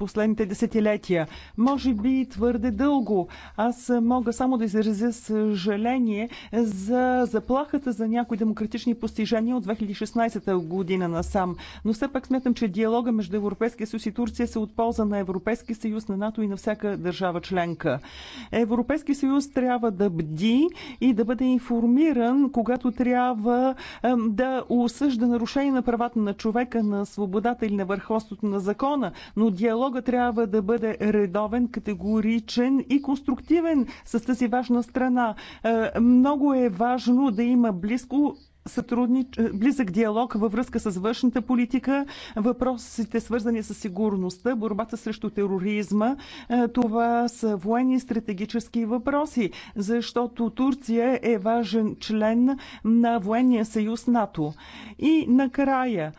последните десетилетия. Може би твърде дълго. Аз мога само да изразя съжаление за заплахата за някои демократични постижения от 2016 година насам. Но все пак смятам, че диалога между Европейския съюз и Турция се от полза на Европейския съюз, на НАТО и на всяка държава членка. Европейския съюз трябва да бди и да бъде информиран, когато трябва да осъжда нарушение на правата на човека, на свободата или на върховството на закона, но диалог Диалога трябва да бъде редовен, категоричен и конструктивен с тази важна страна. Е, много е важно да има близко сътруднич... Е, близък диалог във връзка с външната политика, въпросите свързани с сигурността, борбата срещу тероризма. Е, това са военни стратегически въпроси, защото Турция е важен член на военния съюз НАТО. И накрая,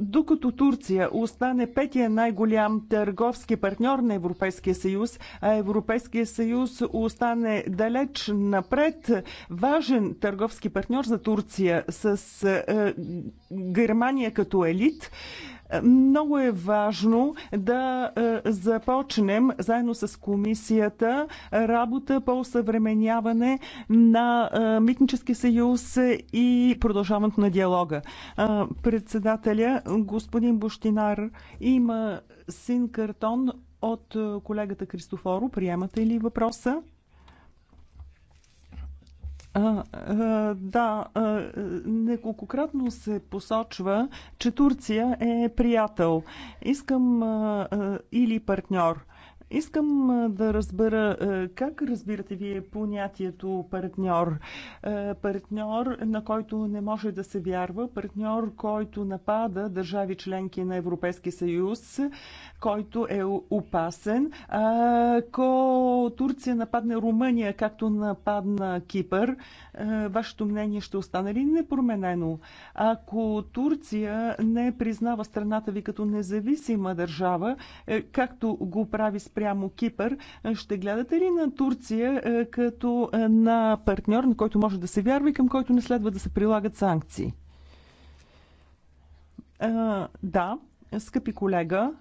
докато Турция остане петия най-голям търговски партньор на Европейския съюз, а Европейския съюз остане далеч напред, важен търговски партньор за Турция с Германия като елит, много е важно да е, започнем заедно с комисията работа по съвременяване на е, Митнически съюз и продължаването на диалога. Е, председателя, господин Бощинар, има син картон от колегата Кристофоро. Приемате ли въпроса? А, а, да, а, неколкократно се посочва, че Турция е приятел. Искам а, а, или партньор. Искам да разбера как разбирате вие понятието партньор. Партньор, на който не може да се вярва, партньор, който напада държави членки на Европейския съюз, който е опасен. Ако Турция нападне Румъния, както нападна Кипър, вашето мнение ще остане ли непроменено? Ако Турция не признава страната ви като независима държава, е, както го прави спрямо спрямо Кипър. Ще гледате ли на Турция като на партньор, на който може да се вярва и към който не следва да се прилагат санкции? Да, скъпи колега,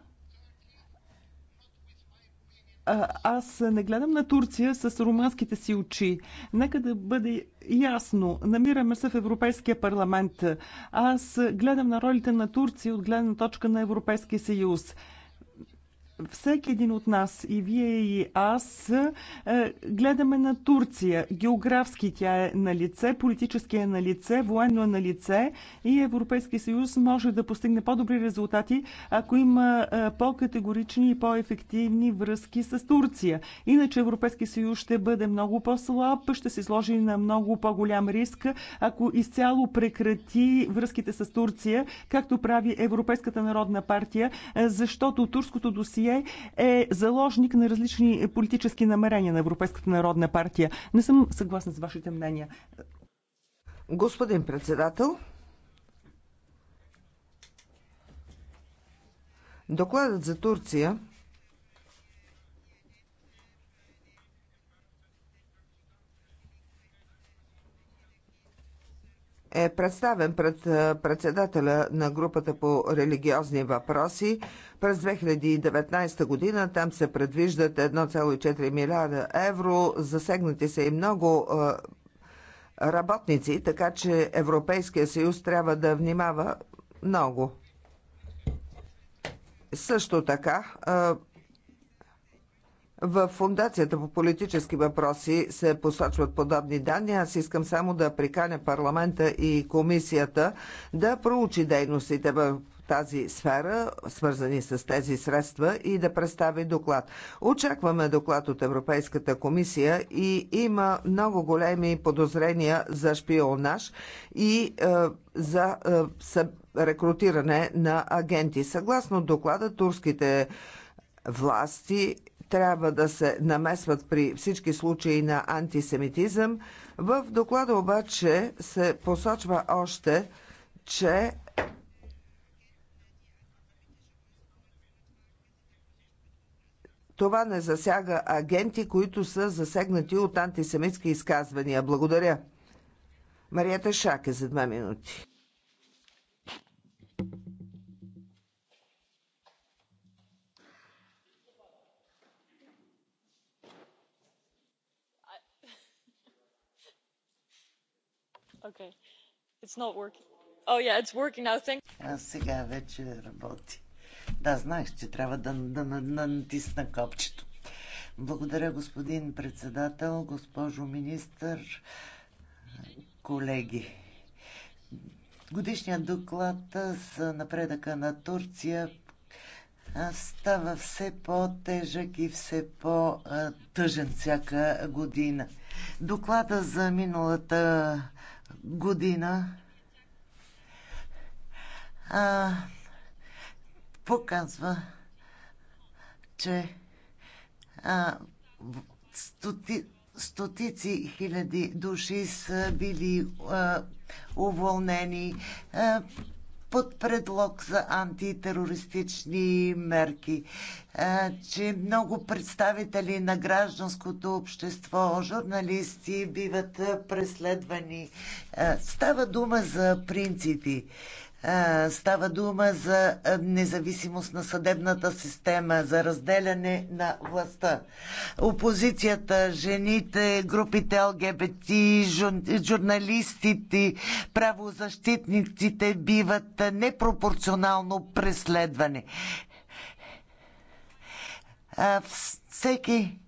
аз не гледам на Турция с румънските си очи. Нека да бъде ясно. Намираме се в Европейския парламент. Аз гледам на ролите на Турция от гледна точка на Европейския съюз. Всеки един от нас, и вие, и аз, е, гледаме на Турция. Географски тя е на лице, политически е на лице, военно е на лице и Европейския съюз може да постигне по-добри резултати, ако има е, по-категорични и по-ефективни връзки с Турция. Иначе Европейския съюз ще бъде много по-слаб, ще се сложи на много по-голям риск, ако изцяло прекрати връзките с Турция, както прави Европейската народна партия, е, защото турското досие Гюе е заложник на различни политически намерения на Европейската народна партия. Не съм съгласна с вашите мнения. Господин председател, докладът за Турция е представен пред е, председателя на групата по религиозни въпроси. През 2019 година там се предвиждат 1,4 милиарда евро. Засегнати са и много е, работници, така че Европейския съюз трябва да внимава много. Също така, е, в Фундацията по политически въпроси се посочват подобни данни. Аз искам само да приканя парламента и комисията да проучи дейностите в тази сфера, свързани с тези средства и да представи доклад. Очакваме доклад от Европейската комисия и има много големи подозрения за шпионаж и е, за е, рекрутиране на агенти. Съгласно доклада, турските власти трябва да се намесват при всички случаи на антисемитизъм. В доклада обаче се посочва още, че това не засяга агенти, които са засегнати от антисемитски изказвания. Благодаря. Марията Шак е за два минути. It's not working. Oh, yeah, it's working now. Thank... А сега вече работи. Да, знаех, че трябва да, да, да, да натисна копчето. Благодаря, господин председател, госпожо министър, колеги. Годишният доклад за напредъка на Турция става все по-тежък и все по-тъжен всяка година. Доклада за миналата година а, показва, че а, стоти, стотици хиляди души са били а, уволнени. А, под предлог за антитерористични мерки, че много представители на гражданското общество, журналисти биват преследвани. Става дума за принципи. Става дума за независимост на съдебната система, за разделяне на властта. Опозицията, жените, групите ЛГБТ, журналистите, правозащитниците биват непропорционално преследвани. Всеки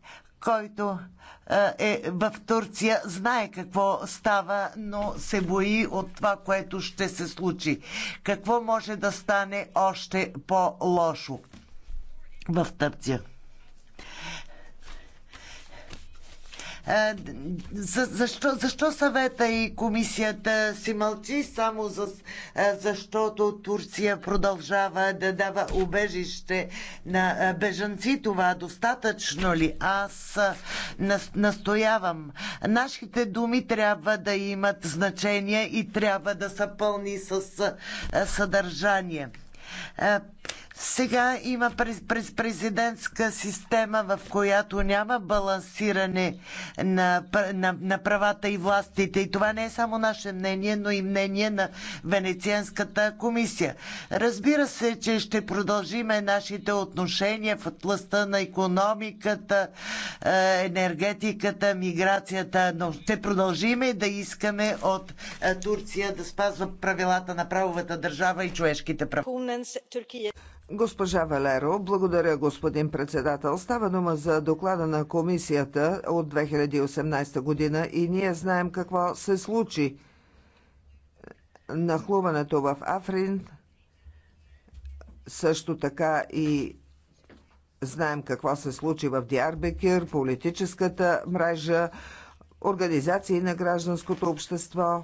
който е, е в Турция, знае какво става, но се бои от това, което ще се случи. Какво може да стане още по-лошо в Турция? Е, за, защо, защо съвета и комисията си мълчи само за, е, защото Турция продължава да дава убежище на е, бежанци? Това достатъчно ли? Аз настоявам. Нашите думи трябва да имат значение и трябва да са пълни с съдържание сега има през президентска система, в която няма балансиране на, на, на правата и властите. И това не е само наше мнение, но и мнение на Венецианската комисия. Разбира се, че ще продължиме нашите отношения в областта на економиката, е, енергетиката, миграцията, но ще продължиме да искаме от е, Турция да спазва правилата на правовата държава и човешките права. Госпожа Валеро, благодаря господин председател. Става дума за доклада на комисията от 2018 година и ние знаем какво се случи. Нахлуването в Африн, също така и знаем какво се случи в Диарбекир, политическата мрежа, организации на гражданското общество.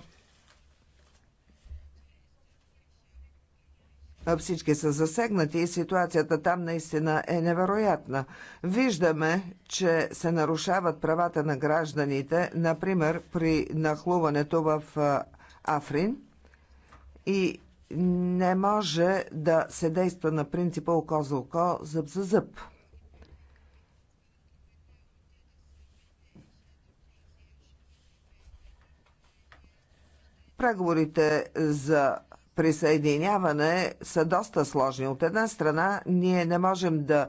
всички са засегнати и ситуацията там наистина е невероятна. Виждаме, че се нарушават правата на гражданите, например при нахлуването в Африн и не може да се действа на принципа око за око, зъб за зъб. Преговорите за присъединяване са доста сложни. От една страна, ние не можем да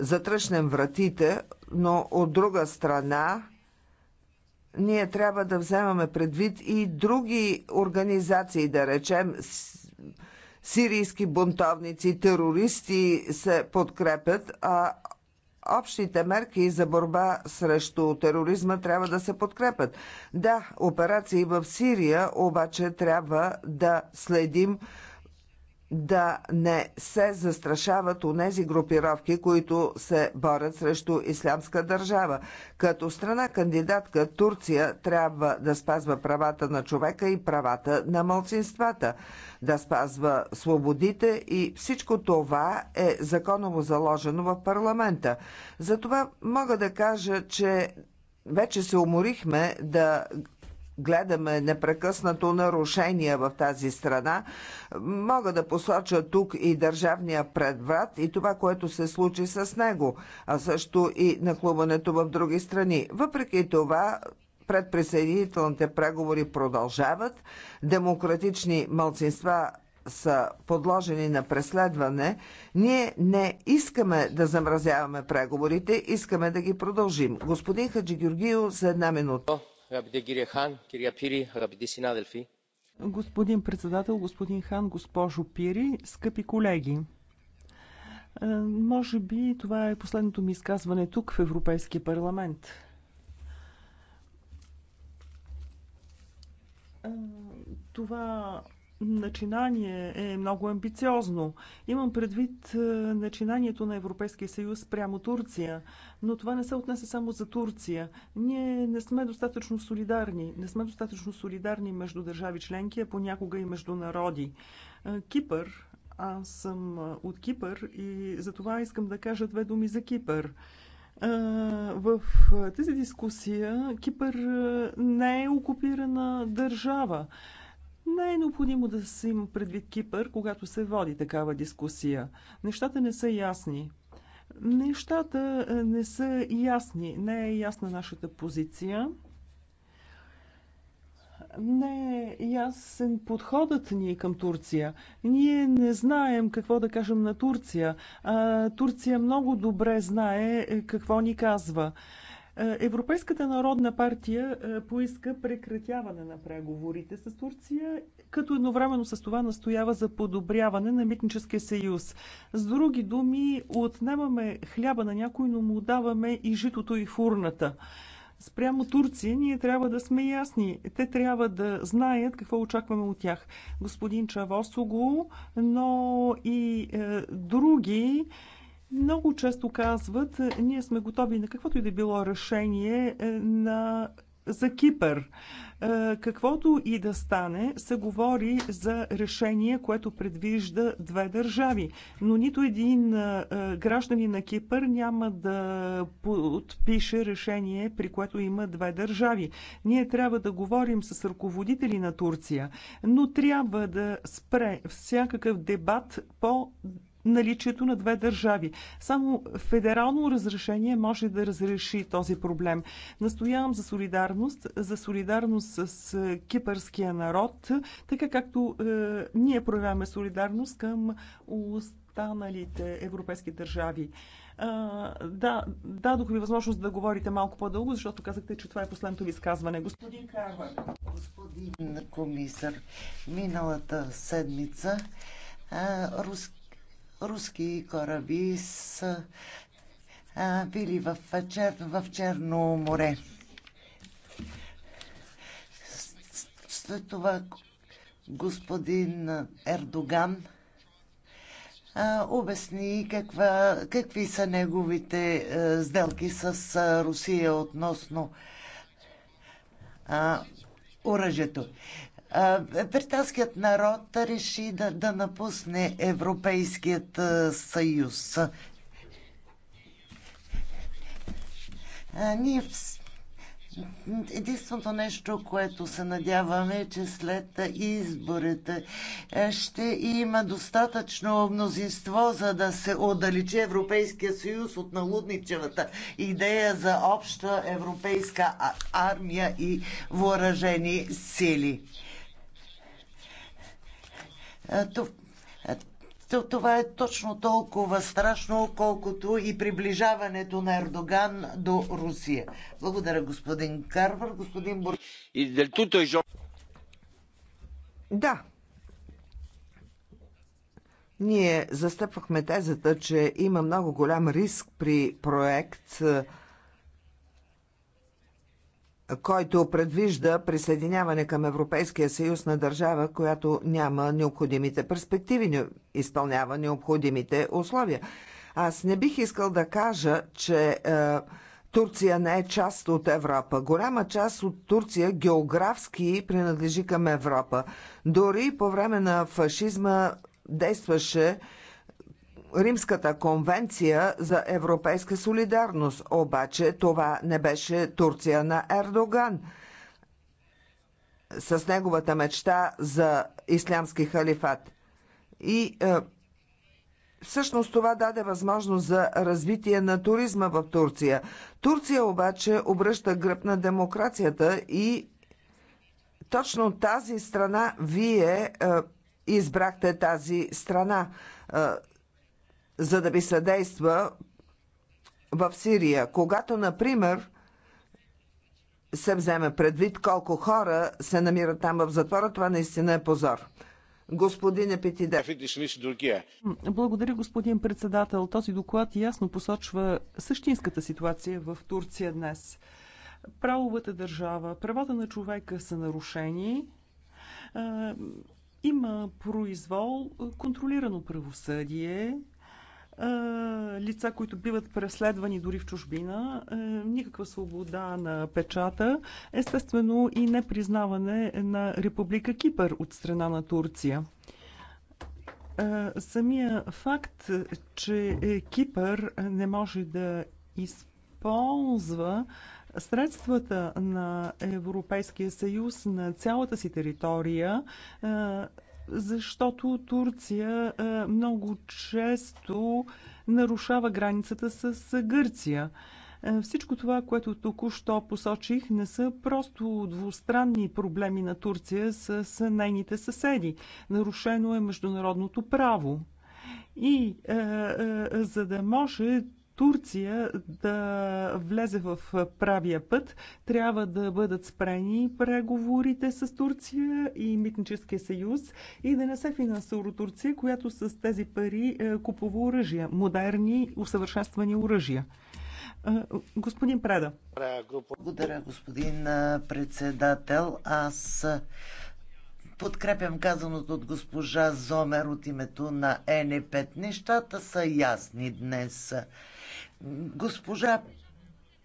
затръщнем вратите, но от друга страна, ние трябва да вземаме предвид и други организации, да речем, сирийски бунтовници, терористи се подкрепят, а Общите мерки за борба срещу тероризма трябва да се подкрепят. Да, операции в Сирия, обаче трябва да следим да не се застрашават онези групировки, които се борят срещу ислямска държава. Като страна кандидатка Турция трябва да спазва правата на човека и правата на малцинствата, да спазва свободите и всичко това е законово заложено в парламента. Затова мога да кажа, че вече се уморихме да гледаме непрекъснато нарушения в тази страна. Мога да посоча тук и държавния предврат и това, което се случи с него, а също и нахлуването в други страни. Въпреки това, предприсъединителните преговори продължават, демократични мълцинства са подложени на преследване, ние не искаме да замразяваме преговорите, искаме да ги продължим. Господин Хаджи Георгио, за една минута. Господин председател, господин Хан, госпожо Пири, скъпи колеги! Е, може би това е последното ми изказване тук в Европейския парламент. Е, това начинание е много амбициозно. Имам предвид е, начинанието на Европейския съюз прямо Турция, но това не се отнесе само за Турция. Ние не сме достатъчно солидарни. Не сме достатъчно солидарни между държави членки, а понякога и между народи. Е, Кипър, аз съм е, от Кипър и за това искам да кажа две думи за Кипър. В тази дискусия Кипър не е окупирана държава. Не е необходимо да се има предвид Кипър, когато се води такава дискусия. Нещата не са ясни. Нещата е, не са ясни. Не е ясна нашата позиция. Не е ясен подходът ни е към Турция. Ние не знаем какво да кажем на Турция. А, Турция много добре знае е, какво ни казва. Е, Европейската народна партия е, поиска прекратяване на преговорите с Турция, като едновременно с това настоява за подобряване на митническия съюз. С други думи, отнемаме хляба на някой, но му даваме и житото и фурната. Спрямо Турция ние трябва да сме ясни. Те трябва да знаят какво очакваме от тях. Господин Чавосогу, но и е, други много често казват, ние сме готови на каквото и да било решение е, на за Кипър. Е, каквото и да стане, се говори за решение, което предвижда две държави. Но нито един е, граждани на Кипър няма да подпише решение, при което има две държави. Ние трябва да говорим с ръководители на Турция, но трябва да спре всякакъв дебат по наличието на две държави. Само федерално разрешение може да разреши този проблем. Настоявам за солидарност, за солидарност с е, кипърския народ, така както е, ние проявяваме солидарност към останалите европейски държави. А, е, да, дадох ви възможност да говорите малко по-дълго, защото казахте, че това е последното ви изказване. Господин Карвар. Господин комисар, миналата седмица а, е, руски руски кораби са а, били в, чер, в Черно море. След това господин Ердоган а, обясни каква, какви са неговите а, сделки с а, Русия относно а, оръжието британският народ реши да, да напусне Европейският съюз. Ние Единственото нещо, което се надяваме е, че след изборите ще има достатъчно мнозинство, за да се отдалечи Европейския съюз от налудничевата идея за обща европейска армия и въоръжени сили. Е, е, това е точно толкова страшно, колкото и приближаването на Ердоган до Русия. Благодаря, господин Карвар, господин Бор... Е да, ние застъпвахме тезата, че има много голям риск при проект който предвижда присъединяване към Европейския съюз на държава, която няма необходимите перспективи, не изпълнява необходимите условия. Аз не бих искал да кажа, че е, Турция не е част от Европа. Голяма част от Турция географски принадлежи към Европа. Дори по време на фашизма действаше Римската конвенция за европейска солидарност. Обаче това не беше Турция на Ердоган с неговата мечта за ислямски халифат. И е, всъщност това даде възможност за развитие на туризма в Турция. Турция обаче обръща гръб на демокрацията и точно тази страна вие е, избрахте тази страна. Е, за да ви съдейства в Сирия. Когато, например, се вземе предвид колко хора се намират там в затвора, това наистина е позор. Господин Епитидер. Благодаря, господин председател. Този доклад ясно посочва същинската ситуация в Турция днес. Правовата държава, правата на човека са нарушени. Е, има произвол, контролирано правосъдие, е, лица, които биват преследвани дори в чужбина, е, никаква свобода на печата, естествено и непризнаване на Република Кипър от страна на Турция. Е, самия факт, че Кипър не може да използва средствата на Европейския съюз на цялата си територия защото Турция е, много често нарушава границата с Гърция. Е, всичко това, което току-що посочих, не са просто двустранни проблеми на Турция с нейните съседи. Нарушено е международното право. И е, е, за да може Турция да влезе в правия път, трябва да бъдат спрени преговорите с Турция и Митническия съюз и да не се финансира Турция, която с тези пари е, купува оръжия, модерни, усъвършенствани оръжия. Е, господин Преда. Благодаря, господин е, председател. Аз подкрепям казаното от госпожа Зомер от името на ЕНЕПЕТ. Нещата са ясни днес. Госпожа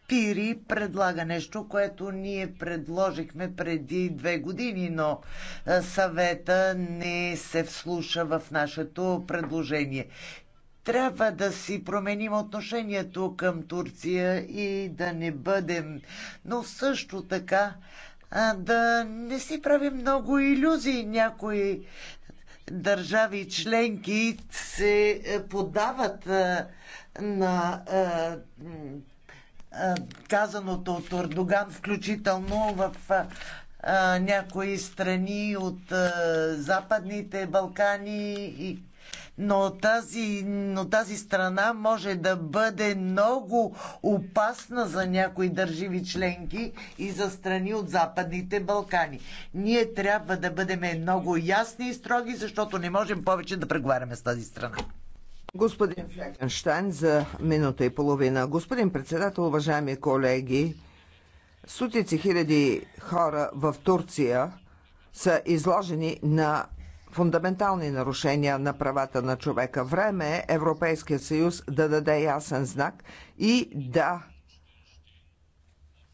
Пири предлага нещо, което ние предложихме преди две години, но съвета не се вслуша в нашето предложение. Трябва да си променим отношението към Турция и да не бъдем, но също така да не си правим много иллюзии. Някои държави членки се е, подават е, на е, е, казаното от Ордоган, включително в е, някои страни от Западните Балкани. Но тази, но тази страна може да бъде много опасна за някои държави членки и за страни от Западните Балкани. Ние трябва да бъдем много ясни и строги, защото не можем повече да преговаряме с тази страна. Господин Флекенштайн за минута и половина. Господин председател, уважаеми колеги, стотици хиляди хора в Турция са изложени на фундаментални нарушения на правата на човека. Време е Европейския съюз да даде ясен знак и да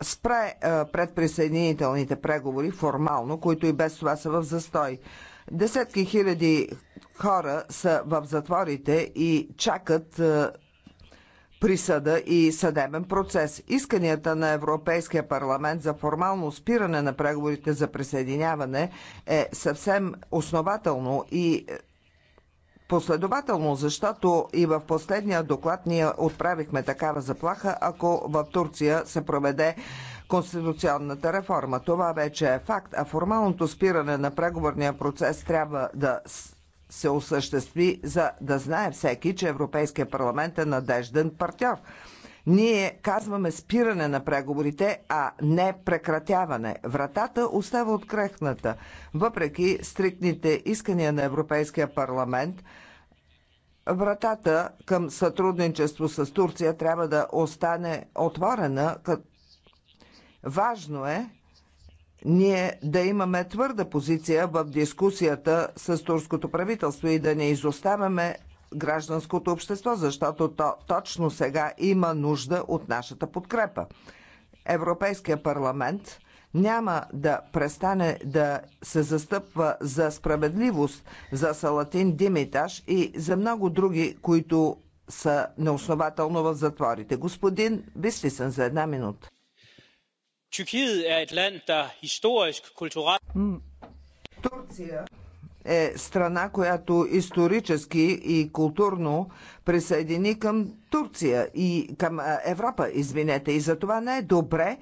спре предприсъединителните преговори формално, които и без това са в застой. Десетки хиляди хора са в затворите и чакат е, присъда и съдебен процес. Исканията на Европейския парламент за формално спиране на преговорите за присъединяване е съвсем основателно и е, последователно, защото и в последния доклад ние отправихме такава заплаха, ако в Турция се проведе конституционната реформа. Това вече е факт, а формалното спиране на преговорния процес трябва да се осъществи, за да знае всеки, че Европейския парламент е надежден партньор. Ние казваме спиране на преговорите, а не прекратяване. Вратата остава открехната. Въпреки стриктните искания на Европейския парламент, вратата към сътрудничество с Турция трябва да остане отворена, като Важно е ние да имаме твърда позиция в дискусията с турското правителство и да не изоставяме гражданското общество, защото то точно сега има нужда от нашата подкрепа. Европейския парламент няма да престане да се застъпва за справедливост, за Салатин Димиташ и за много други, които са неоснователно в затворите. Господин Бислисън за една минута. Tyrkiet er et land, der historisk, kulturelt... Турция е страна, която исторически и културно присъедини към Турция и към Европа, извинете. И за това не е добре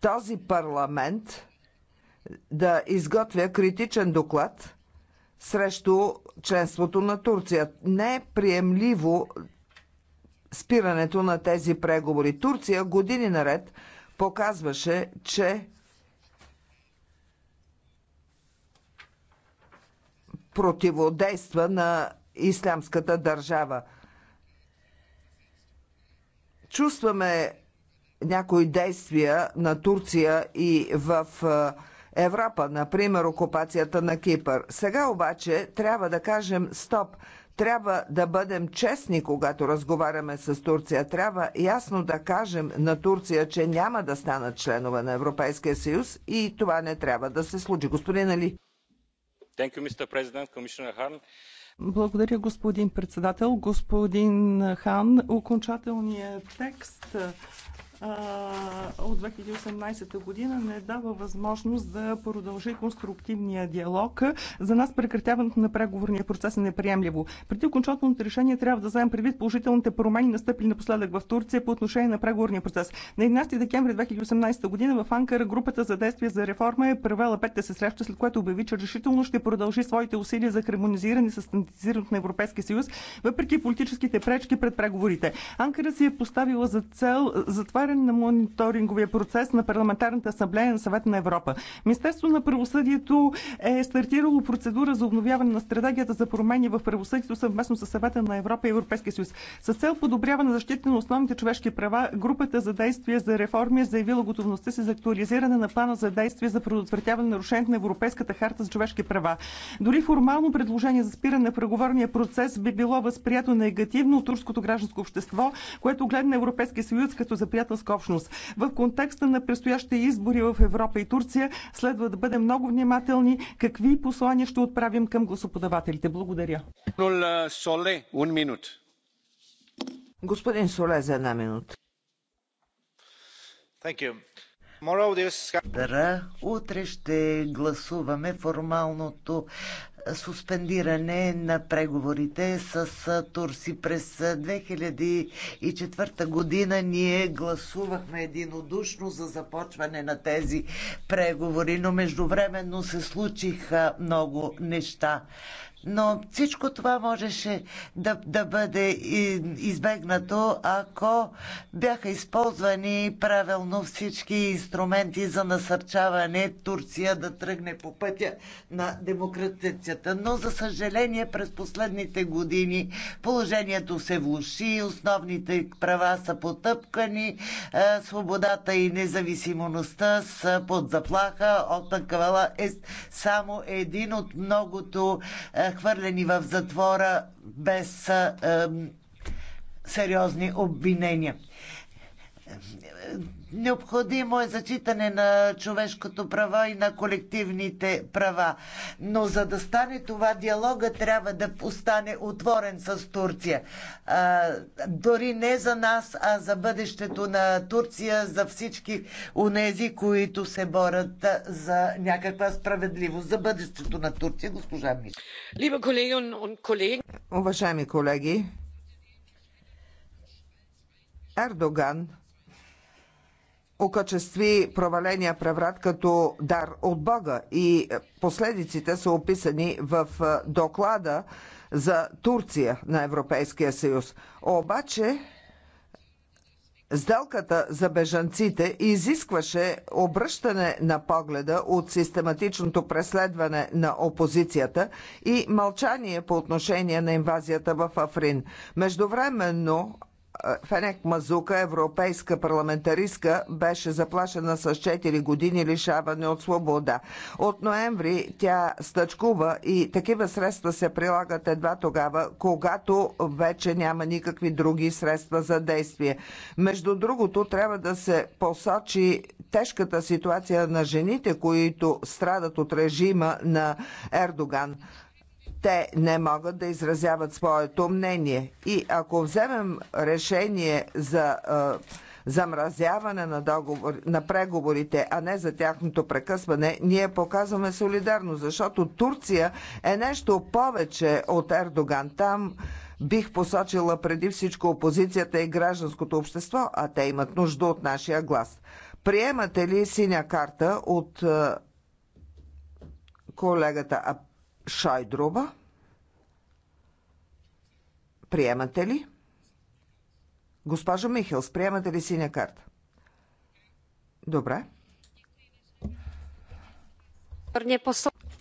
този парламент да изготвя критичен доклад срещу членството на Турция. Не е приемливо спирането на тези преговори. Турция години наред показваше, че противодейства на ислямската държава. Чувстваме някои действия на Турция и в Европа, например окупацията на Кипър. Сега обаче трябва да кажем стоп. Трябва да бъдем честни, когато разговаряме с Турция. Трябва ясно да кажем на Турция, че няма да станат членове на Европейския съюз и това не трябва да се случи. Господин Али. Благодаря, господин председател. Господин Хан, окончателният текст от 2018 година не дава възможност да продължи конструктивния диалог. За нас прекратяването на преговорния процес е неприемливо. Преди окончателното решение трябва да вземем предвид положителните промени, настъпили напоследък в Турция по отношение на преговорния процес. На 11 декември 2018 година в Анкара групата за действие за реформа е провела петте се среща, след което обяви, че решително ще продължи своите усилия за хармонизиране с стандартизирането на Европейския съюз, въпреки политическите пречки пред преговорите. Анкара си е поставила за цел затваряне отваряне на мониторинговия процес на Парламентарната асамблея на Съвета на Европа. Министерство на правосъдието е стартирало процедура за обновяване на стратегията за промени в правосъдието съвместно с Съвета на Европа и Европейския съюз. С цел подобряване на защита на основните човешки права, групата за действие за реформи е заявила готовността си за актуализиране на плана за действие за предотвратяване на нарушението на Европейската харта за човешки права. Дори формално предложение за спиране на преговорния процес би било възприето негативно от турското гражданско общество, което гледа на Европейския съюз като за приятелска гражданска общност. В контекста на предстоящите избори в Европа и Турция следва да бъдем много внимателни какви послания ще отправим към гласоподавателите. Благодаря. Господин Соле за една минута. Утре ще гласуваме формалното суспендиране на преговорите с Турси. През 2004 година ние гласувахме единодушно за започване на тези преговори, но междувременно се случиха много неща. Но всичко това можеше да, да бъде избегнато, ако бяха използвани правилно всички инструменти за насърчаване Турция да тръгне по пътя на демократицията. Но, за съжаление, през последните години положението се влуши, основните права са потъпкани, е, свободата и независимостта са под заплаха. Отън Кавала е само един от многото е, захвърлени в затвора без сериозни обвинения Необходимо е зачитане на човешкото право и на колективните права. Но за да стане това, диалога трябва да остане отворен с Турция. А, дори не за нас, а за бъдещето на Турция, за всички унези, които се борят за някаква справедливост, за бъдещето на Турция, госпожа Миш. Уважаеми колеги, Ердоган окачестви проваления преврат като дар от Бога и последиците са описани в доклада за Турция на Европейския съюз. Обаче Сделката за бежанците изискваше обръщане на погледа от систематичното преследване на опозицията и мълчание по отношение на инвазията в Африн. Междувременно Фенек Мазука, европейска парламентаристка, беше заплашена с 4 години лишаване от свобода. От ноември тя стъчкува и такива средства се прилагат едва тогава, когато вече няма никакви други средства за действие. Между другото, трябва да се посочи тежката ситуация на жените, които страдат от режима на Ердоган те не могат да изразяват своето мнение. И ако вземем решение за замразяване на, договор, на преговорите, а не за тяхното прекъсване, ние показваме солидарно, защото Турция е нещо повече от Ердоган. Там бих посочила преди всичко опозицията и гражданското общество, а те имат нужда от нашия глас. Приемате ли синя карта от колегата Шойдрова. Приемате ли? Госпожа Михелс, приемате ли синя карта? Добре.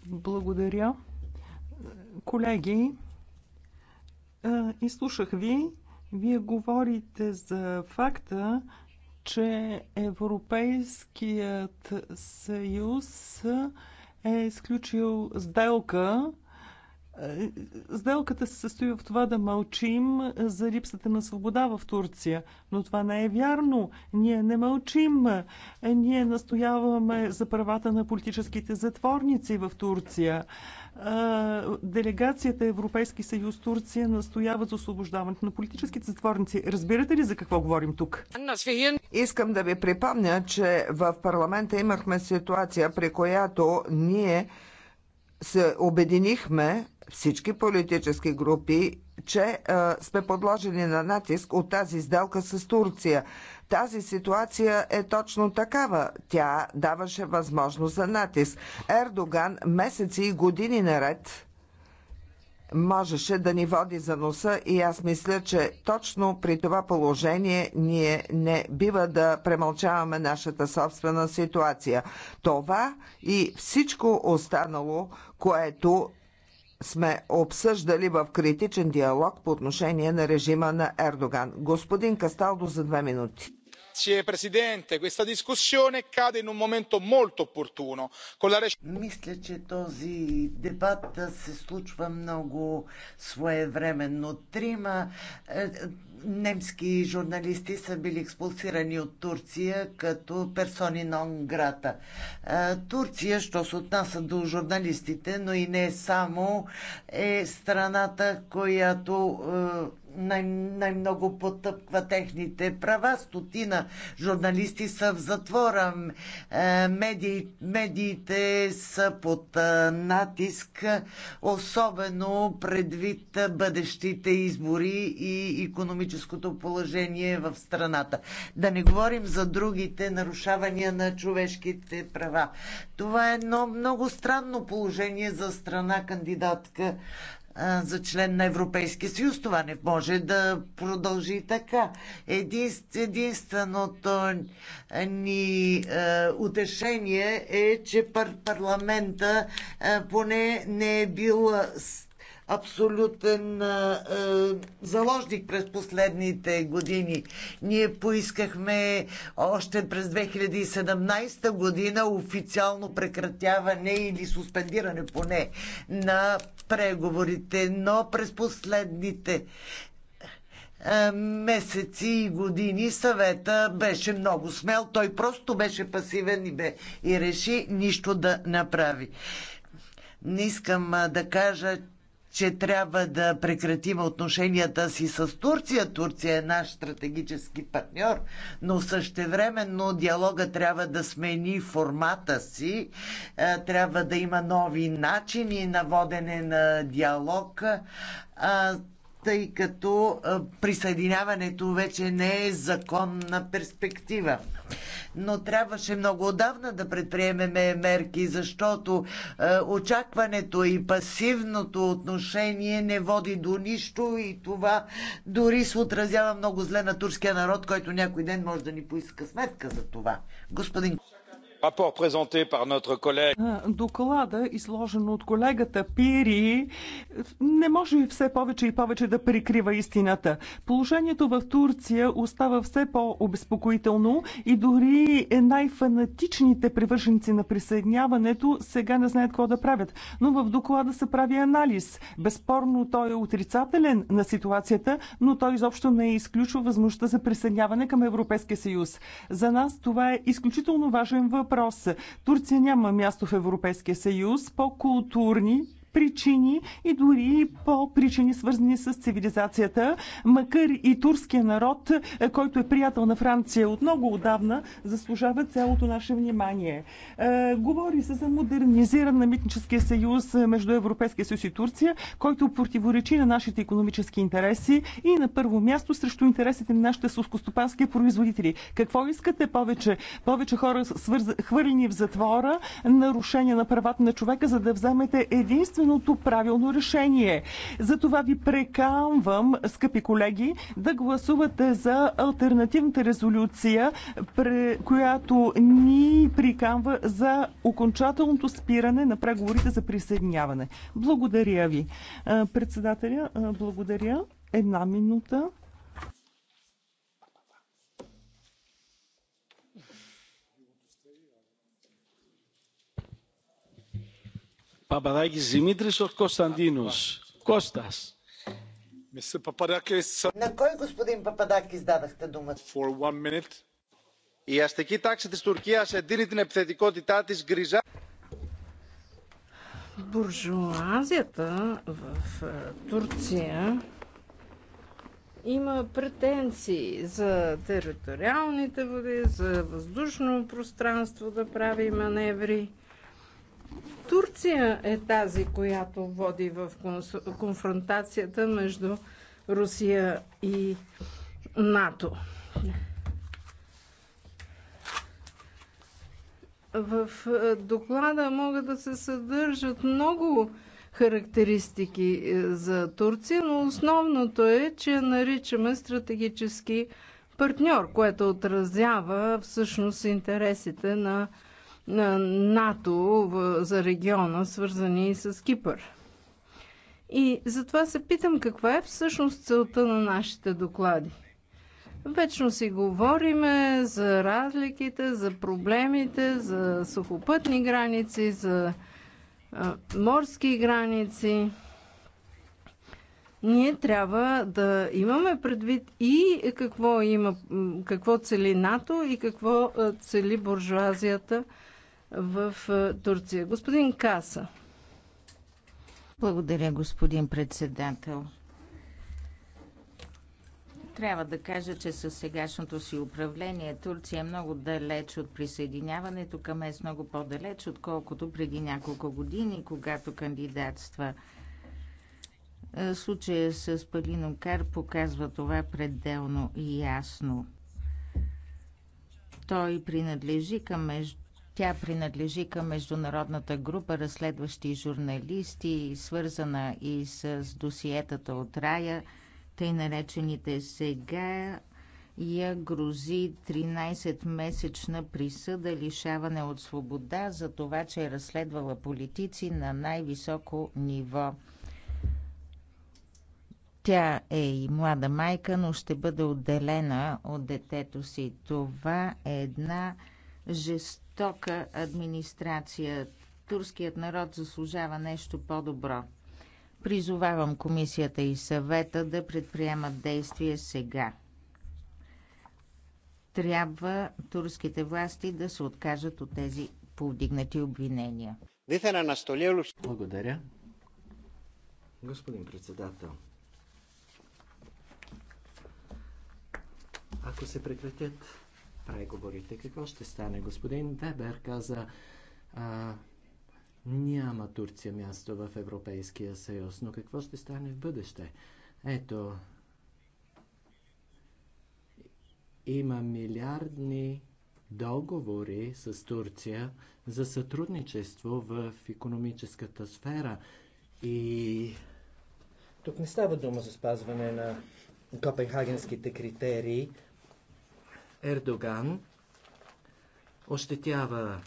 Благодаря. Колеги, е, изслушах ви. Вие говорите за факта, че Европейският съюз е сключил сделка Сделката се състои в това да мълчим за липсата на свобода в Турция, но това не е вярно. Ние не мълчим. Ние настояваме за правата на политическите затворници в Турция. Делегацията Европейски съюз Турция настоява за освобождаването на политическите затворници. Разбирате ли за какво говорим тук? Искам да ви припомня, че в парламента имахме ситуация, при която ние се обединихме всички политически групи, че а, сме подложени на натиск от тази сделка с Турция. Тази ситуация е точно такава. Тя даваше възможност за натиск. Ердоган месеци и години наред можеше да ни води за носа и аз мисля, че точно при това положение ние не бива да премълчаваме нашата собствена ситуация. Това и всичко останало, което сме обсъждали в критичен диалог по отношение на режима на Ердоган. Господин Касталдо за две минути signor presidente questa discussione cade in un momento molto opportuno. мисля че този дебат се случва много своевременно. трима е, немски журналисти са били експулсирани от турция като персони нон грата. Е, турция що се отнася до журналистите но и не само е страната която е, най- най-много потъпква техните права. Стотина журналисти са в затвора. Е, медии, медиите са под е, натиск, особено предвид бъдещите избори и економическото положение в страната. Да не говорим за другите нарушавания на човешките права. Това е едно много странно положение за страна кандидатка за член на Европейския съюз. Това не може да продължи така. единственото ни утешение е, че парламента поне не е бил абсолютен а, заложник през последните години. Ние поискахме още през 2017 година официално прекратяване или суспендиране поне на преговорите, но през последните месеци и години съвета беше много смел. Той просто беше пасивен и, бе, и реши нищо да направи. Не искам да кажа, че трябва да прекратим отношенията си с Турция. Турция е наш стратегически партньор, но същевременно диалога трябва да смени формата си, е, трябва да има нови начини на водене на диалог, е, тъй като е, присъединяването вече не е законна перспектива но трябваше много отдавна да предприемеме мерки, защото е, очакването и пасивното отношение не води до нищо и това дори се отразява много зле на турския народ, който някой ден може да ни поиска сметка за това. Господин е, доклада, изложен от колегата Пири, не може все повече и повече да прикрива истината. Положението в Турция остава все по-обезпокоително и дори е най-фанатичните привърженици на присъединяването сега не знаят какво да правят. Но в доклада се прави анализ. Безспорно той е отрицателен на ситуацията, но той изобщо не е изключва възможността за присъединяване към Европейския съюз. За нас това е изключително важен въпрос въпрос. Турция няма място в Европейския съюз по културни причини и дори по причини свързани с цивилизацията. Макар и турския народ, е, който е приятел на Франция от много отдавна, заслужава цялото наше внимание. Е, говори се за модернизиран на митническия съюз е, между Европейския съюз и Турция, който противоречи на нашите економически интереси и на първо място срещу интересите на нашите сускостопански производители. Какво искате повече? Повече хора свърз... хвърлени в затвора, нарушения на правата на човека, за да вземете единствено единственото правилно решение. Затова ви прекамвам, скъпи колеги, да гласувате за альтернативната резолюция, която ни прикамва за окончателното спиране на преговорите за присъединяване. Благодаря ви. Председателя, благодаря. Една минута. На кой господин Пападакис дадахте думата? Η αστική τάξη της Τουρκίας εντείνει την επιθετικότητά της γκριζά. Буржуазията в е, Турция има претенции за териториалните води, за въздушно пространство да прави маневри. Турция е тази, която води в конфронтацията между Русия и НАТО. В е, доклада могат да се съдържат много характеристики е, за Турция, но основното е, че наричаме стратегически партньор, което отразява всъщност интересите на на НАТО за региона, свързани с Кипър. И затова се питам каква е всъщност целта на нашите доклади. Вечно си говориме за разликите, за проблемите, за сухопътни граници, за а, морски граници. Ние трябва да имаме предвид и какво, има, какво цели НАТО и какво цели буржуазията в е, Турция. Господин Каса. Благодаря, господин председател. Трябва да кажа, че със сегашното си управление Турция е много далеч от присъединяването към ЕС, много по-далеч, отколкото преди няколко години, когато кандидатства. Е, случая с Кар показва това пределно и ясно. Той принадлежи към между тя принадлежи към международната група разследващи журналисти, свързана и с досиетата от Рая, тъй наречените сега я грози 13-месечна присъда лишаване от свобода за това, че е разследвала политици на най-високо ниво. Тя е и млада майка, но ще бъде отделена от детето си. Това е една жест жестока администрация. Турският народ заслужава нещо по-добро. Призовавам комисията и съвета да предприемат действия сега. Трябва турските власти да се откажат от тези повдигнати обвинения. Благодаря. Господин председател, ако се прекратят преговорите. Какво ще стане? Господин Вебер каза, а, няма Турция място в Европейския съюз, но какво ще стане в бъдеще? Ето, има милиардни договори с Турция за сътрудничество в економическата сфера и тук не става дума за спазване на копенхагенските критерии, Ердоган ощетява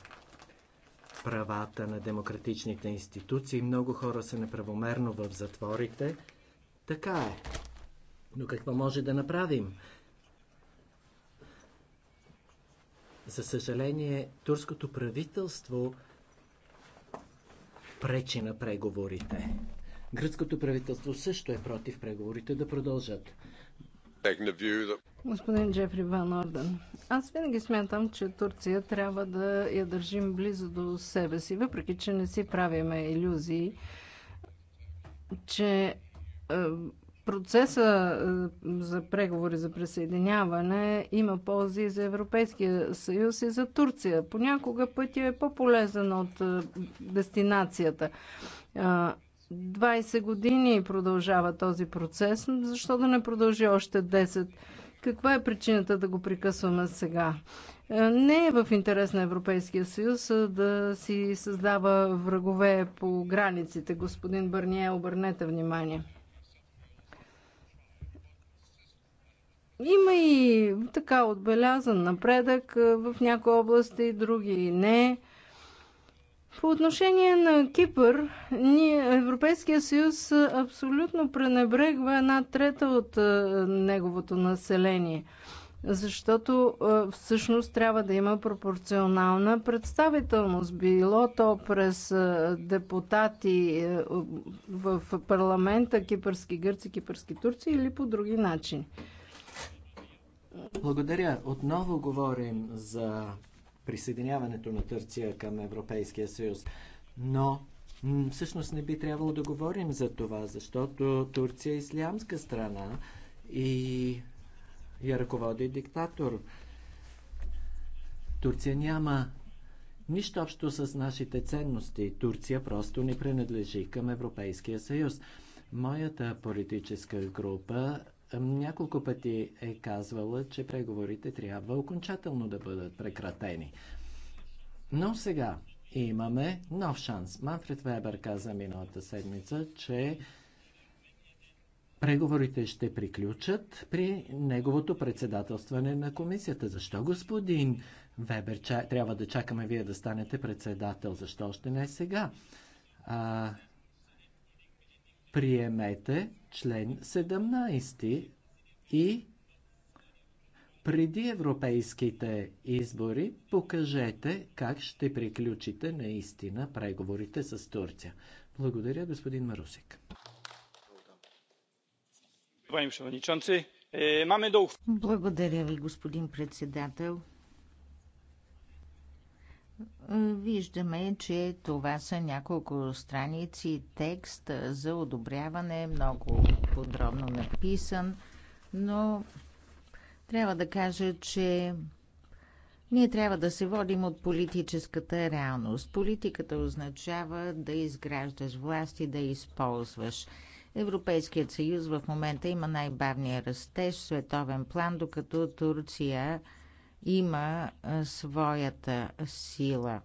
правата на демократичните институции. Много хора са неправомерно в затворите. Така е. Но какво може да направим? За съжаление, турското правителство пречи на преговорите. Гръцкото правителство също е против преговорите да продължат господин Джефри Ван Орден. Аз винаги смятам, че Турция трябва да я държим близо до себе си, въпреки че не си правиме иллюзии, че е, процеса е, за преговори за присъединяване има ползи за Европейския съюз и за Турция. Понякога пътя е по-полезен от е, дестинацията. 20 години продължава този процес, защо да не продължи още 10? Каква е причината да го прекъсваме сега? Е, не е в интерес на Европейския съюз да си създава врагове по границите. Господин Бърние, обърнете внимание. Има и така отбелязан напредък е, в някои области, други не. По отношение на Кипър, ние, Европейския съюз абсолютно пренебрегва една трета от е, неговото население защото е, всъщност трябва да има пропорционална представителност. Било то през е, депутати в парламента, кипърски гърци, кипърски турци или по други начини. Благодаря. Отново говорим за присъединяването на Турция към Европейския съюз. Но всъщност не би трябвало да говорим за това, защото Турция е ислямска страна и я ръководи диктатор. Турция няма нищо общо с нашите ценности. Турция просто не принадлежи към Европейския съюз. Моята политическа група няколко пъти е казвала, че преговорите трябва окончателно да бъдат прекратени. Но сега имаме нов шанс. Манфред Вебер каза миналата седмица, че преговорите ще приключат при неговото председателстване на комисията. Защо, господин Вебер, трябва да чакаме вие да станете председател? Защо още не е сега? А, приемете член 17 и преди европейските избори покажете как ще приключите наистина преговорите с Турция. Благодаря, господин Марусик. Е, Благодаря ви, господин председател. Виждаме, че това са няколко страници текст за одобряване, много подробно написан, но трябва да кажа, че ние трябва да се водим от политическата реалност. Политиката означава да изграждаш власт и да използваш. Европейският съюз в момента има най-бавния растеж в световен план, докато Турция има своята сила.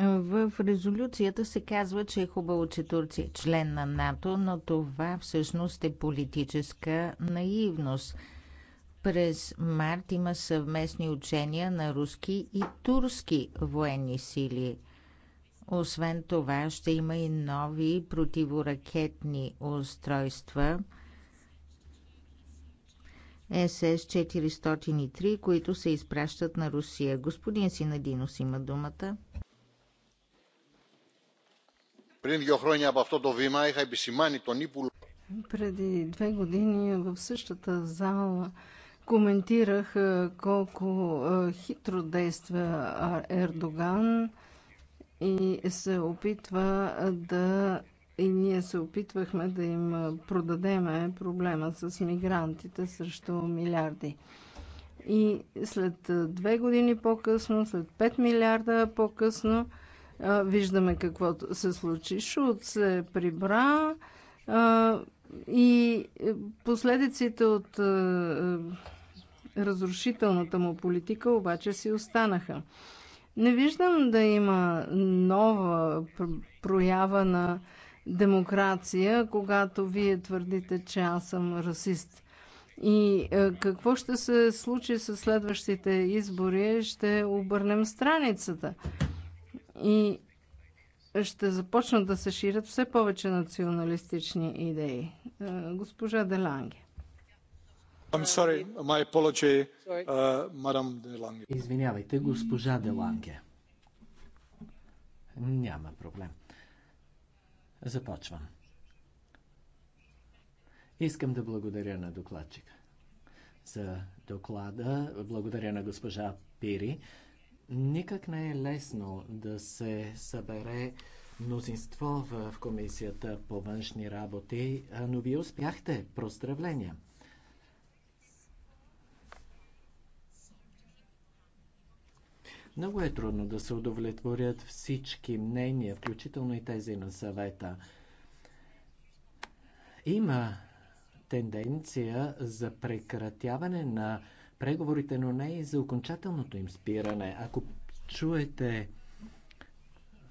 В резолюцията се казва, че е хубаво, че Турция е член на НАТО, но това всъщност е политическа наивност. През март има съвместни учения на руски и турски военни сили. Освен това ще има и нови противоракетни устройства СС-403, които се изпращат на Русия. Господин Синадинос има думата. Преди две години в същата зала коментирах колко хитро действа Ердоган – и се опитва да и ние се опитвахме да им продадеме проблема с мигрантите срещу милиарди. И след две години по-късно, след 5 милиарда по-късно, виждаме какво се случи. Шут се прибра и е, последиците от е, е, разрушителната му политика обаче си останаха. Не виждам да има нова проява на демокрация, когато вие твърдите, че аз съм расист. И е, какво ще се случи с следващите избори? Ще обърнем страницата. И ще започнат да се ширят все повече националистични идеи. Е, госпожа Деланге. Uh, Извинявайте, госпожа Деланге. Няма проблем. Започвам. Искам да благодаря на докладчика за доклада. Благодаря на госпожа Пири. Никак не е лесно да се събере мнозинство в Комисията по външни работи, но вие успяхте. Проздравления! Много е трудно да се удовлетворят всички мнения, включително и тези на съвета. Има тенденция за прекратяване на преговорите, но не и за окончателното им спиране. Ако чуете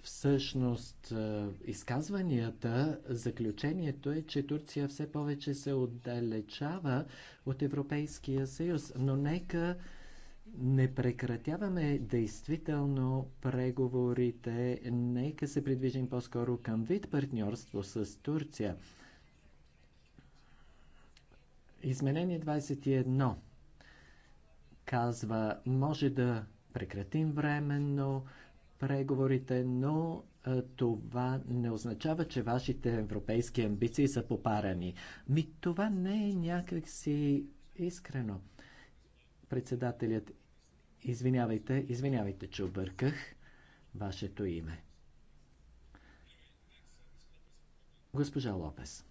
всъщност е, изказванията, заключението е, че Турция все повече се отдалечава от Европейския съюз. Но нека не прекратяваме действително преговорите, нека се придвижим по-скоро към вид партньорство с Турция. Изменение 21 казва, може да прекратим временно преговорите, но това не означава, че вашите европейски амбиции са попарани. Ми това не е някакси искрено. Председателят, извинявайте, извинявайте, че обърках вашето име. Госпожа Лопес.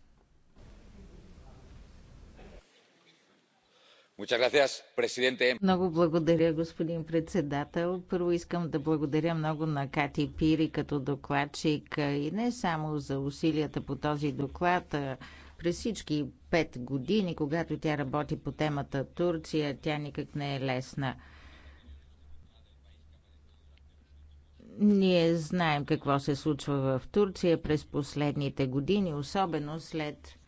Много благодаря, господин председател. Първо искам да благодаря много на Кати Пири като докладчик и не само за усилията по този доклад, през всички пет години, когато тя работи по темата Турция, тя никак не е лесна. Ние знаем какво се случва в Турция през последните години, особено след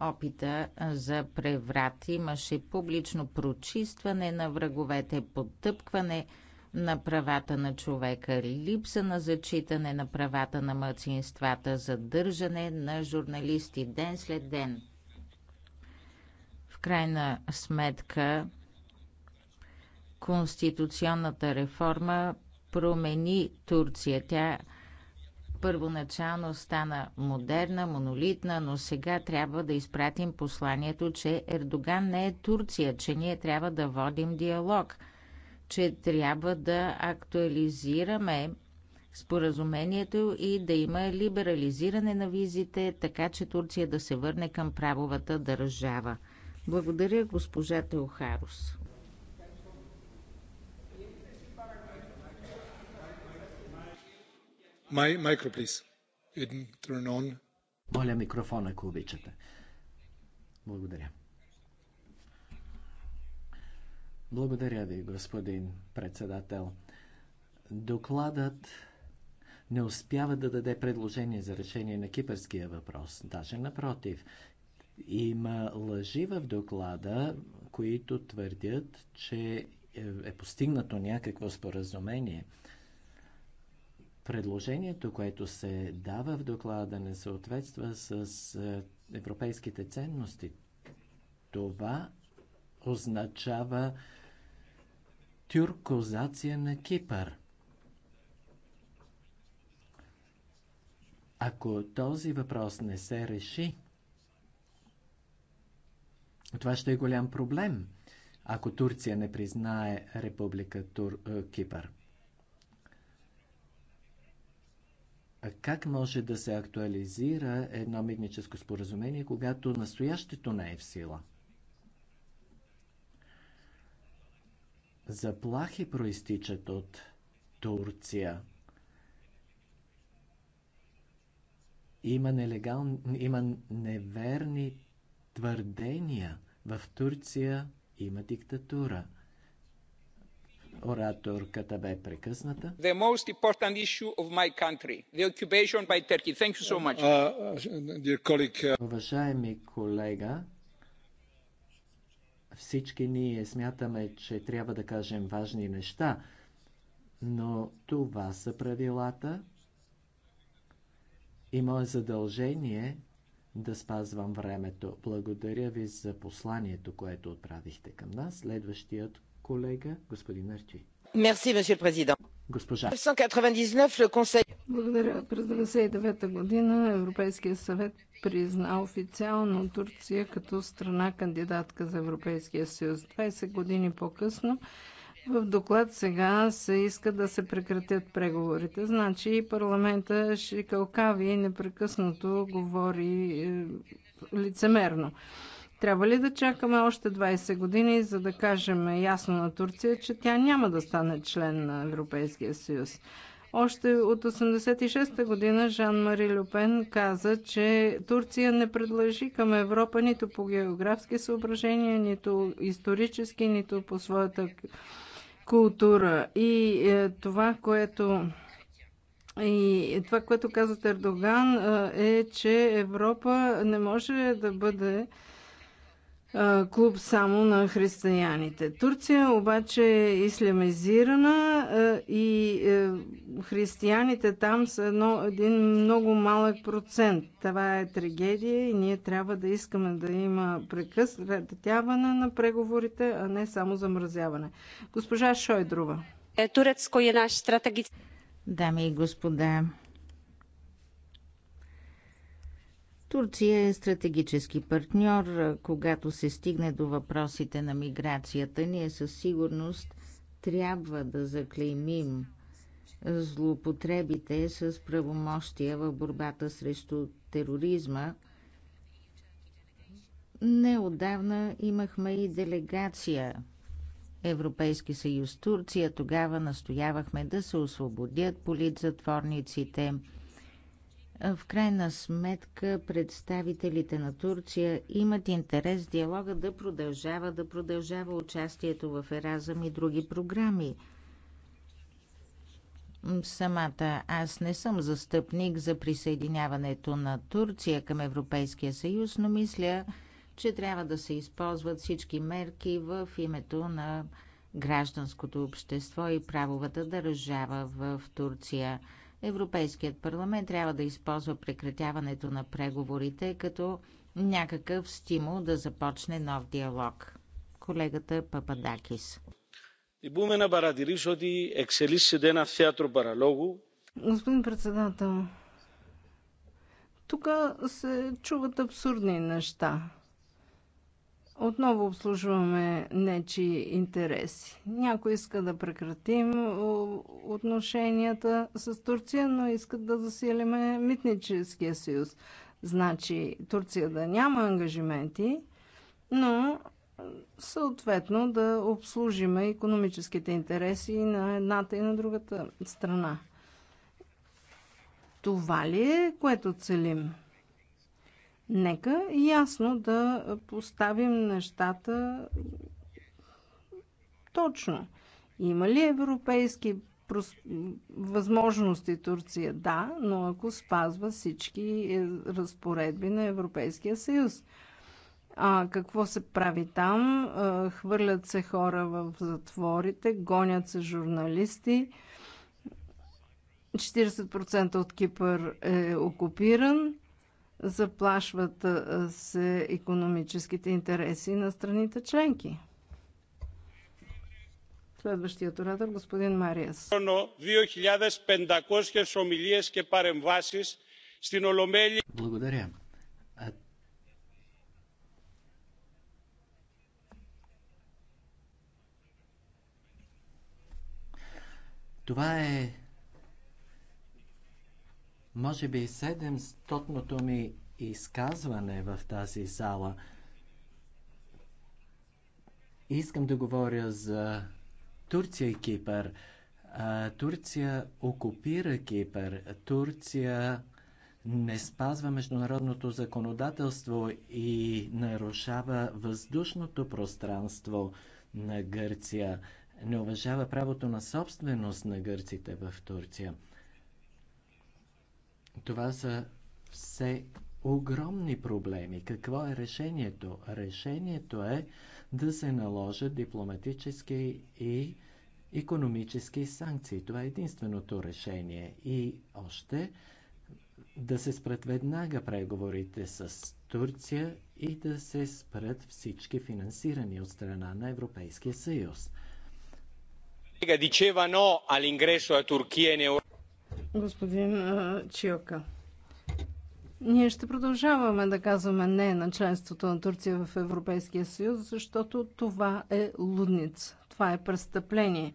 опита за преврат. Имаше публично прочистване на враговете, потъпкване на правата на човека, липса на зачитане на правата на мъцинствата, задържане на журналисти ден след ден. В крайна сметка, конституционната реформа промени Турция. Тя първоначално стана модерна, монолитна, но сега трябва да изпратим посланието, че Ердоган не е Турция, че ние трябва да водим диалог – че трябва да актуализираме споразумението и да има либерализиране на визите, така че Турция да се върне към правовата държава. Благодаря, госпожа Теохарус. My, micro, please. Turn on. Моля микрофона, ако обичате. Благодаря. Благодаря ви, господин председател. Докладът не успява да даде предложение за решение на кипърския въпрос. Даже напротив, има лъжи в доклада, които твърдят, че е постигнато някакво споразумение. Предложението, което се дава в доклада, не съответства с е, европейските ценности. Това означава тюркозация на Кипър. Ако този въпрос не се реши, това ще е голям проблем, ако Турция не признае Република Тур... Е, Кипър. Как може да се актуализира едно мигническо споразумение, когато настоящето не е в сила? заплахи проистичат от Турция. Има, нелегал, има неверни твърдения. В Турция има диктатура. Ораторката бе прекъсната. The most important issue of my country, the occupation by Turkey. Thank you so much. Uh, uh, uh Уважаеми колега, всички ние смятаме, че трябва да кажем важни неща, но това са правилата и мое задължение е да спазвам времето. Благодаря ви за посланието, което отправихте към нас. Следващият колега, господин Арчи. Мерси, президент. Благодаря. През 1999 година Европейския съвет призна официално Турция като страна кандидатка за Европейския съюз. 20 години по-късно в доклад сега се иска да се прекратят преговорите. Значи и парламента Шикалкави непрекъснато говори е, лицемерно. Трябва ли да чакаме още 20 години, за да кажем ясно на Турция, че тя няма да стане член на Европейския съюз? Още от 86-та година Жан-Мари Люпен каза, че Турция не предложи към Европа нито по географски съображения, нито исторически, нито по своята култура. И е, това, което и това, което каза Ердоган, е, че Европа не може да бъде клуб само на християните. Турция обаче е ислямизирана и е, християните там са едно, един много малък процент. Това е трагедия и ние трябва да искаме да има прекъсване на преговорите, а не само замразяване. Госпожа Шойдрова. Турецко е наш стратегически. Дами и господа, Турция е стратегически партньор, когато се стигне до въпросите на миграцията. Ние със сигурност трябва да заклеймим злоупотребите с правомощия в борбата срещу тероризма. Неодавна имахме и делегация Европейски съюз Турция. Тогава настоявахме да се освободят политзатворниците. В крайна сметка представителите на Турция имат интерес диалога да продължава, да продължава участието в Еразъм и други програми. Самата аз не съм застъпник за присъединяването на Турция към Европейския съюз, но мисля, че трябва да се използват всички мерки в името на гражданското общество и правовата държава в Турция. Европейският парламент трябва да използва прекратяването на преговорите като някакъв стимул да започне нов диалог. Колегата Пападакис. Господин председател, тук се чуват абсурдни неща. Отново обслужваме нечи интереси. Някой иска да прекратим отношенията с Турция, но искат да засилиме митническия съюз. Значи Турция да няма ангажименти, но съответно да обслужиме економическите интереси на едната и на другата страна. Това ли е, което целим? Нека ясно да поставим нещата точно. Има ли европейски възможности Турция? Да, но ако спазва всички е, разпоредби на Европейския съюз. А какво се прави там? Хвърлят се хора в затворите, гонят се журналисти. 40% от Кипър е окупиран заплашват се економическите интереси на страните членки. Следващият оратор, господин Мариас. 2500 ομιλίες και παρεμβάσεις στην Ολομέλεια. Благодаря. Това е може би 700-ното ми изказване в тази зала. Искам да говоря за Турция и Кипър. Турция окупира Кипър. Турция не спазва международното законодателство и нарушава въздушното пространство на Гърция. Не уважава правото на собственост на гърците в Турция. Това са все огромни проблеми. Какво е решението? Решението е да се наложат дипломатически и економически санкции. Това е единственото решение. И още да се спрат веднага преговорите с Турция и да се спрат всички финансирани от страна на Европейския съюз господин Чиока. Ние ще продължаваме да казваме не на членството на Турция в Европейския съюз, защото това е лудница. Това е престъпление.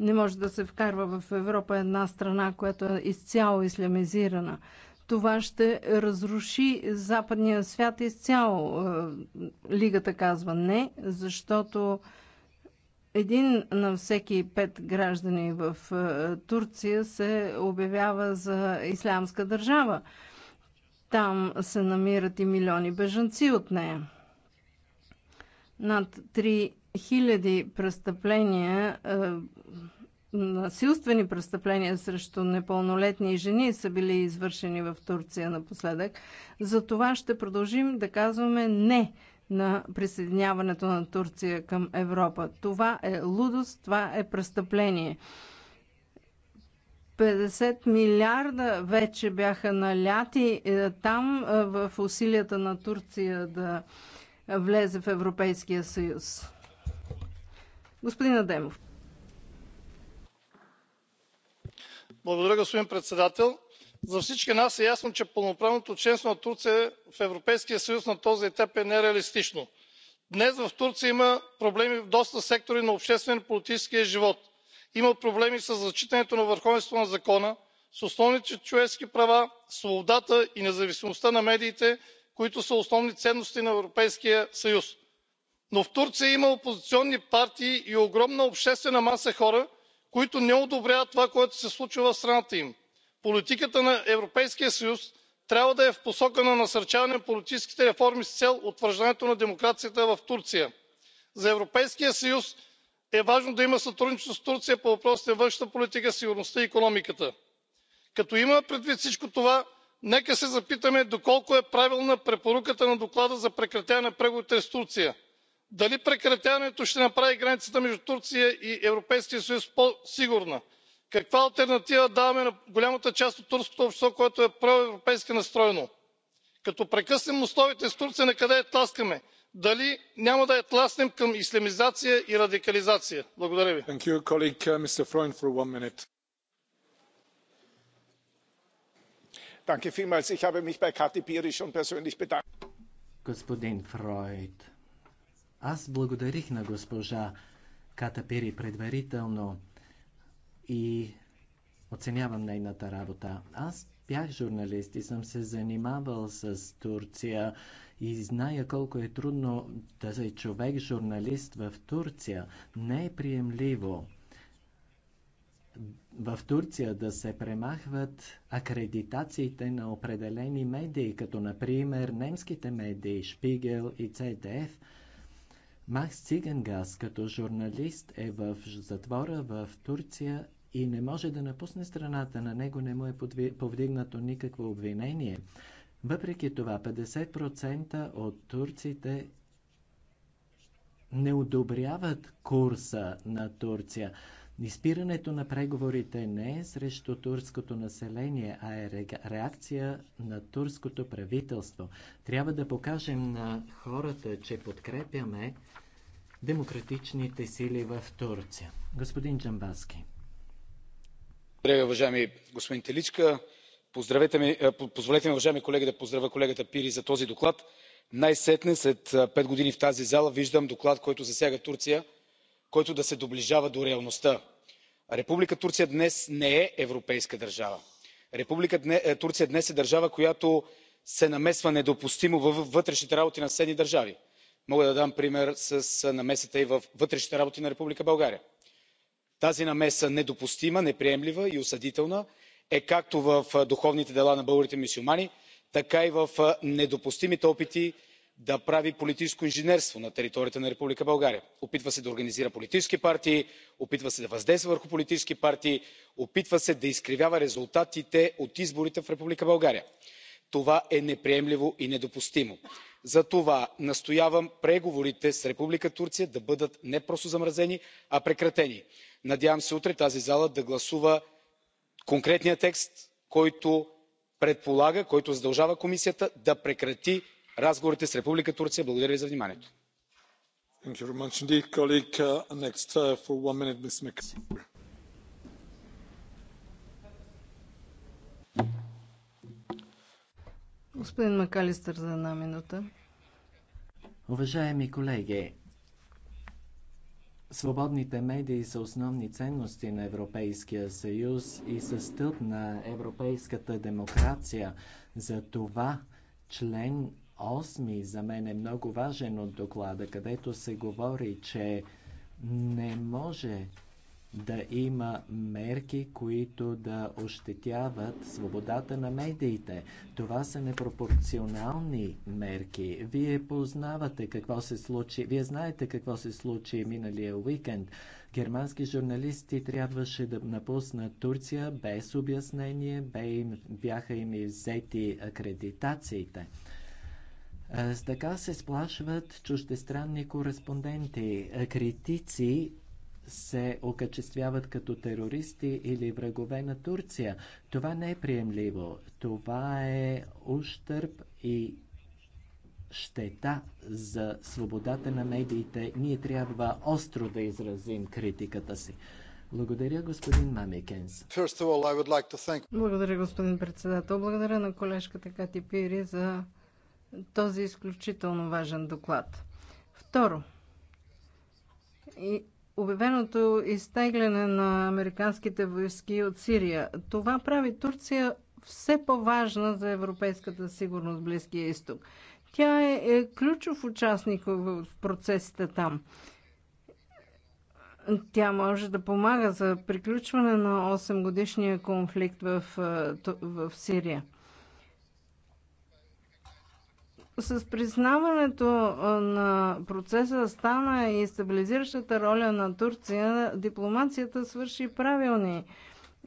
Не може да се вкарва в Европа една страна, която е изцяло ислямизирана. Това ще разруши западния свят изцяло. Е, Лигата казва не, защото един на всеки пет граждани в е, Турция се обявява за ислямска държава. Там се намират и милиони бежанци от нея. Над 3000 престъпления, е, насилствени престъпления срещу непълнолетни жени са били извършени в Турция напоследък. За това ще продължим да казваме не на присъединяването на Турция към Европа. Това е лудост, това е престъпление. 50 милиарда вече бяха наляти е, там е, в усилията на Турция да влезе в Европейския съюз. Господин Адемов. Благодаря, господин председател за всички нас е ясно че пълноправното членство на турция в европейския съюз на този етап е нереалистично. днес в турция има проблеми в доста сектори на обществения и политическия живот. има проблеми със зачитането на върховенството на закона с основните човешки права свободата и независимостта на медиите които са основни ценности на европейския съюз. но в турция има опозиционни партии и огромна обществена маса хора които не одобряват това което се случва в страната им политиката на европейския съюз трябва да е в посока на насърчаване на политическите реформи с цел утвърждаването на демокрацията в турция. за европейския съюз е важно да има сътрудничество с турция по въпросите на външната политика сигурността и икономиката. като имаме предвид всичко това нека се запитаме доколко е правилна препоръката на доклада за прекратяване на преговорите с турция. дали прекратяването ще направи границата между турция и европейския съюз по сигурна каква алтернатива даваме на голямата част от турското общество което е проевропейски настроено? като прекъснем мостовете с турция накъде я тласкаме? дали няма да я тласнем към ислямизация и радикализация? благодаря ви. Uh, господин фройд аз благодарих на госпожа катапери предварително и оценявам нейната работа. Аз бях журналист и съм се занимавал с Турция и зная колко е трудно да е човек журналист в Турция. Не е приемливо в Турция да се премахват акредитациите на определени медии, като например немските медии Шпигел и ЦДФ. Макс Цигангас като журналист е в затвора в Турция и не може да напусне страната. На него не му е повдигнато никакво обвинение. Въпреки това, 50% от турците не одобряват курса на Турция. Изпирането на преговорите не е срещу турското население, а е реакция на турското правителство. Трябва да покажем на хората, че подкрепяме демократичните сили в Турция. Господин Джамбаски. Благодаря Ви, уважаеми господин Теличка. Е, позволете ми, уважаеми колеги, да поздравя колегата Пири за този доклад. Най-сетне след е, пет години в тази зала виждам доклад, който засяга Турция, който да се доближава до реалността. Република Турция днес не е европейска държава. Република е, Турция днес е държава, която се намесва недопустимо във вътрешните работи на съседни държави. Мога да дам пример с намесата и във вътрешните работи на република България тази намеса недопустима неприемлива и осъдителна е както в духовните дела на българите мюсюлмани така и в недопустимите опити да прави политическо инженерство на територията на република българия. опитва се да организира политически партии опитва се да въздейства върху политически партии опитва се да изкривява резултатите от изборите в република българия. това е неприемливо и недопустимо. затова настоявам преговорите с република турция да бъдат не просто замразени а прекратени надявам се утре тази зала да гласува конкретния текст който предполага който задължава комисията да прекрати разговорите с република турция. благодаря ви за вниманието. Uh, uh, уважаеми колеги Свободните медии са основни ценности на Европейския съюз и са стълб на европейската демокрация. За това член 8 за мен е много важен от доклада, където се говори, че не може да има мерки, които да ощетяват свободата на медиите. Това са непропорционални мерки. Вие познавате какво се случи, вие знаете какво се случи миналия уикенд. Германски журналисти трябваше да напуснат Турция без обяснение, бе им, бяха им взети акредитациите. Е, с така се сплашват чуждестранни кореспонденти, е, критици се окачествяват като терористи или врагове на Турция. Това не е приемливо. Това е ущърп и щета за свободата на медиите. Ние трябва остро да изразим критиката си. Благодаря, господин Мамикенс. Благодаря, господин председател. Благодаря на колежката Кати Пири за този изключително важен доклад. Второ, обявеното изтегляне на американските войски от Сирия. Това прави Турция все по-важна за европейската сигурност в Близкия изток. Тя е, е ключов участник в процесите там. Тя може да помага за приключване на 8 годишния конфликт в, е, в Сирия с признаването на процеса стана и стабилизиращата роля на Турция, дипломацията свърши правилни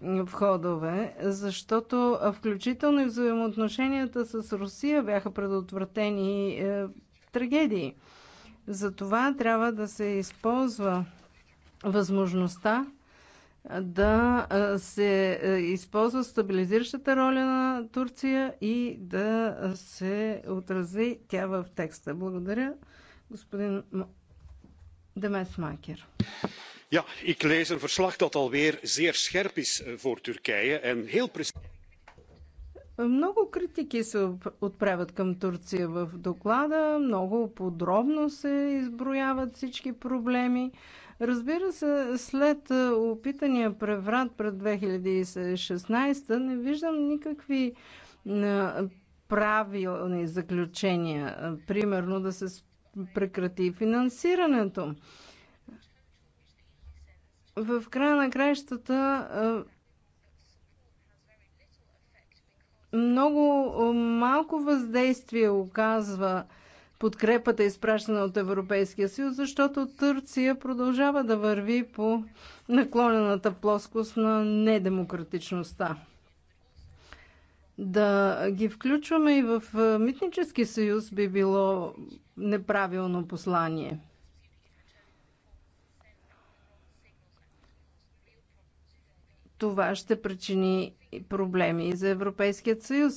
входове, защото включително и взаимоотношенията с Русия бяха предотвратени е, трагедии. Затова трябва да се използва възможността да се използва стабилизиращата роля на Турция и да се отрази тя в текста. Благодаря, господин Демес Макер. Ja, ik lees een verslag dat alweer zeer scherp is eh, voor Turkije en heel precies. Много критики се отправят към Турция в доклада, много подробно се изброяват всички проблеми. Разбира се, след опитания преврат пред 2016 не виждам никакви правилни заключения. Примерно да се прекрати финансирането. В края на краищата много малко въздействие оказва подкрепата, изпращана от Европейския съюз, защото Турция продължава да върви по наклонената плоскост на недемократичността. Да ги включваме и в е, Митнически съюз би било неправилно послание. Това ще причини проблеми и за Европейският съюз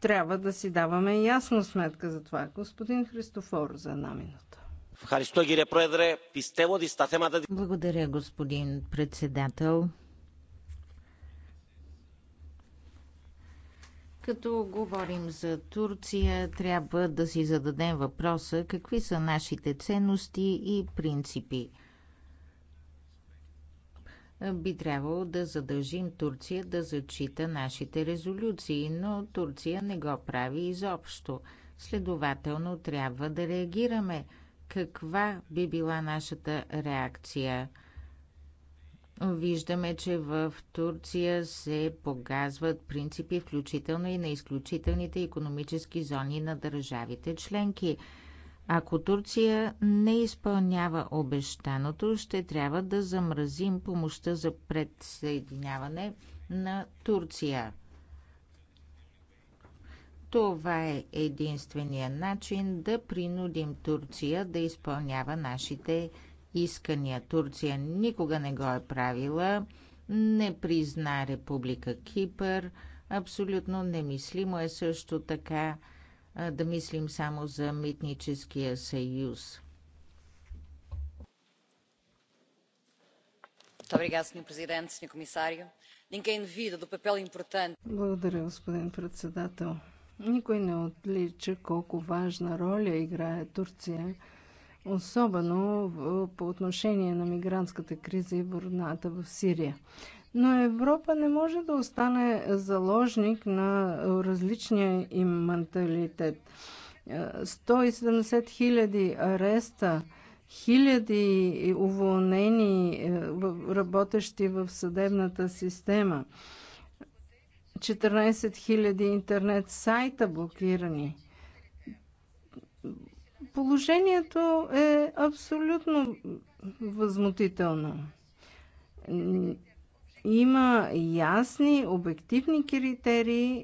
трябва да си даваме ясно сметка за това. Господин Христофор, за една минута. Благодаря, господин председател. Като говорим за Турция, трябва да си зададем въпроса какви са нашите ценности и принципи би трябвало да задължим Турция да зачита нашите резолюции, но Турция не го прави изобщо. Следователно трябва да реагираме. Каква би била нашата реакция? Виждаме, че в Турция се погазват принципи, включително и на изключителните економически зони на държавите членки. Ако Турция не изпълнява обещаното, ще трябва да замразим помощта за предсъединяване на Турция. Това е единствения начин да принудим Турция да изпълнява нашите искания. Турция никога не го е правила, не призна Република Кипър, абсолютно немислимо е също така да мислим само за митническия съюз. Благодаря, господин председател. Никой не отлича колко важна роля играе Турция, особено по отношение на мигрантската криза и войната в Сирия. Но Европа не може да остане заложник на различния им менталитет. 170 е, хиляди ареста, хиляди уволнени е, работещи в съдебната система, 14 хиляди интернет сайта блокирани. Положението е абсолютно възмутително има ясни, обективни критерии,